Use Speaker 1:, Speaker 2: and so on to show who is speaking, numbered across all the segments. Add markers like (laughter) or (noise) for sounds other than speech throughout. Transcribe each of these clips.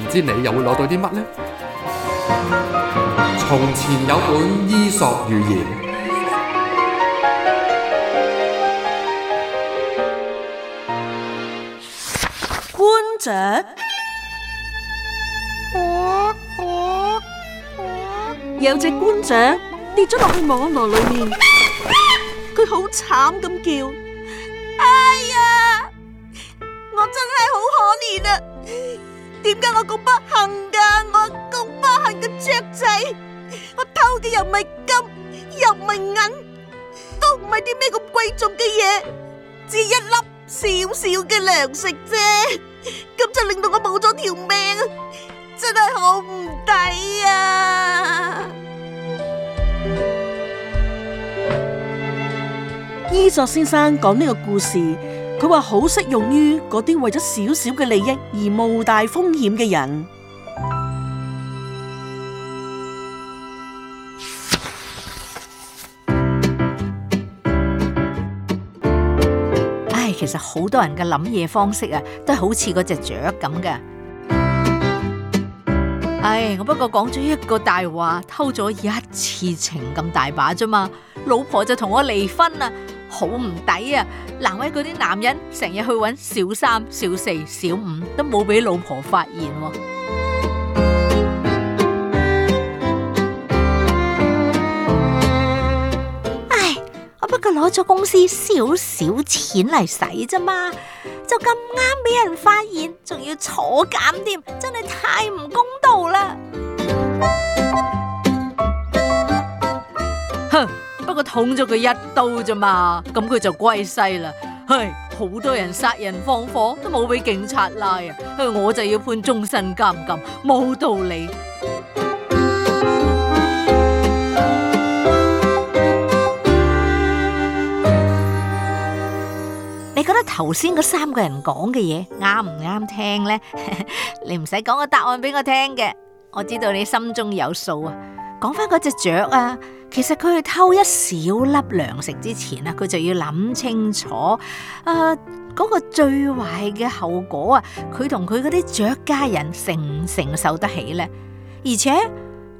Speaker 1: 唔知你又會攞到啲乜呢？從前有本伊索寓言，
Speaker 2: 冠雀者，有隻冠雀跌咗落去網絡裡面，佢好 (laughs) 慘咁叫，哎呀，我真係好可憐啊！點解我咁不幸噶、啊？我咁不幸嘅雀仔，我偷嘅又唔係金，又唔係銀，都唔係啲咩咁貴重嘅嘢，只一粒少少嘅糧食啫，咁就令到我冇咗條命，真係好唔抵啊！伊索先生講呢個故事。佢話好適用於嗰啲為咗少少嘅利益而冒大風險嘅人。唉，其實好多人嘅諗嘢方式啊，都係好似嗰隻雀咁嘅。唉，我不過講咗一個大話，偷咗一次情咁大把啫嘛，老婆就同我離婚啦。好唔抵啊！難為嗰啲男人成日去揾小三、小四、小五，都冇俾老婆發現。唉，我不過攞咗公司少少錢嚟使啫嘛，就咁啱俾人發現，仲要坐監添，真係太唔公道啦！捅咗佢一刀啫嘛，咁佢就歸西啦。係好多人殺人放火都冇俾警察拉啊，我就要判終身監禁，冇道理。你覺得頭先嗰三個人講嘅嘢啱唔啱聽呢？你唔使講個答案俾我聽嘅，我知道你心中有數啊。講翻嗰隻雀啊，其實佢去偷一小粒糧食之前啊，佢就要諗清楚，誒、呃，嗰、嗰個最壞嘅後果啊，佢同佢嗰啲雀家人承唔承受得起咧？而且。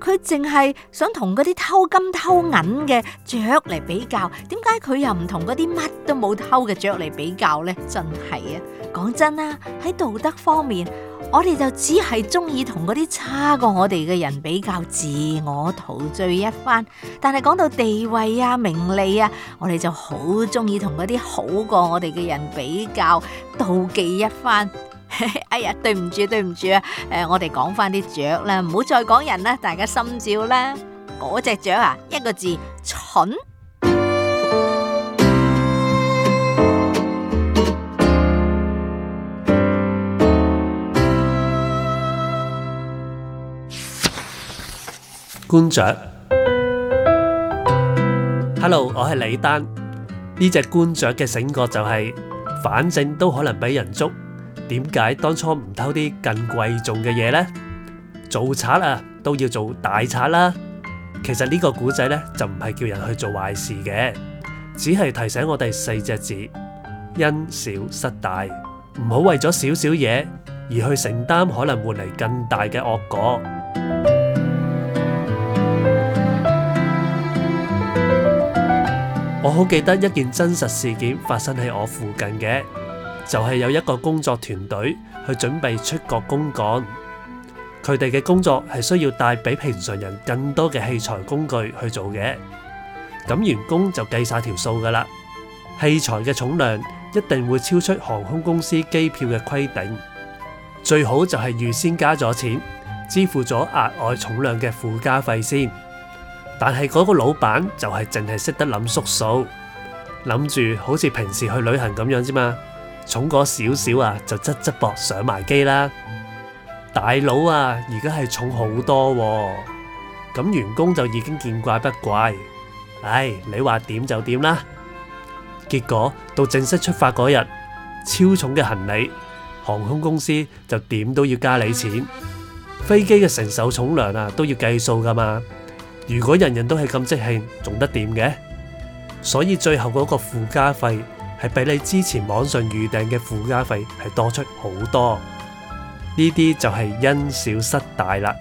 Speaker 2: 佢淨係想同嗰啲偷金偷銀嘅雀嚟比較，點解佢又唔同嗰啲乜都冇偷嘅雀嚟比較呢？真係啊！講真啊，喺道德方面，我哋就只係中意同嗰啲差過我哋嘅人比較，自我陶醉一番；但係講到地位啊、名利啊，我哋就好中意同嗰啲好過我哋嘅人比較，妒忌一番。哎呀，對唔住對唔住啊！誒，我哋講翻啲雀啦，唔好再講人啦，大家心照啦。嗰隻雀啊，一個字蠢。
Speaker 3: 冠雀，Hello，我係李丹。呢隻冠雀嘅醒覺就係，反正都可能俾人捉。點解當初唔偷啲更貴重嘅嘢呢？做賊啊，都要做大賊啦，啊。其實呢個古仔呢，就唔係叫人去做壞事嘅，只係提醒我哋四隻字：因小失大，唔好為咗少少嘢，而去承擔可能換嚟更大嘅惡果。 (music) 我好記得一件真實事件發生喺我附近嘅。就係有一個工作團隊去準備出國公幹，佢哋嘅工作係需要帶比平常人更多嘅器材工具去做嘅。咁員工就計晒條數噶啦，器材嘅重量一定會超出航空公司機票嘅規定，最好就係預先加咗錢，支付咗額外重量嘅附加費先。但係嗰個老闆就係淨係識得諗縮數，諗住好似平時去旅行咁樣啫嘛。重嗰少少啊，就側側膊上埋機啦。大佬啊，而家係重好多，咁員工就已經見怪不怪。唉，你話點就點啦。結果到正式出發嗰日，超重嘅行李，航空公司就點都要加你錢。飛機嘅承受重量啊，都要計數噶嘛。如果人人都係咁即興，仲得點嘅？所以最後嗰個附加費。係比你之前網上預訂嘅附加費係多出好多，呢啲就係因小失大啦。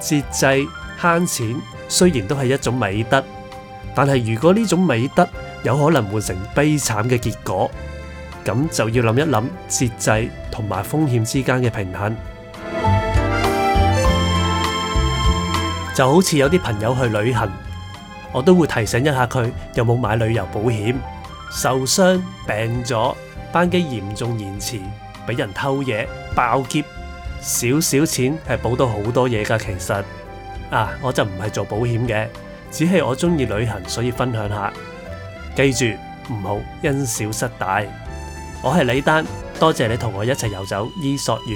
Speaker 3: 節制慳錢雖然都係一種美德，但係如果呢種美德有可能換成悲慘嘅結果，咁就要諗一諗節制同埋風險之間嘅平衡。就好似有啲朋友去旅行，我都會提醒一下佢有冇買旅遊保險。受傷病咗，班機嚴重延遲，俾人偷嘢、爆劫，少少錢係補到好多嘢㗎。其實啊，我就唔係做保險嘅，只係我中意旅行，所以分享下。記住唔好因小失大。我係李
Speaker 1: 丹，多謝你同我一齊遊走伊索寓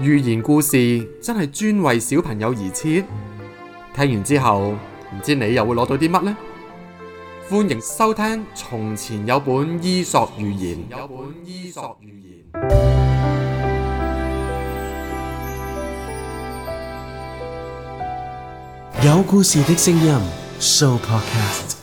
Speaker 1: 言。寓言故事真係專為小朋友而設，聽完之後唔知你又會攞到啲乜呢？歡迎收聽《從前有本伊索寓言》，有本伊索寓言，有故
Speaker 3: 事的聲音 Sooo Podcast。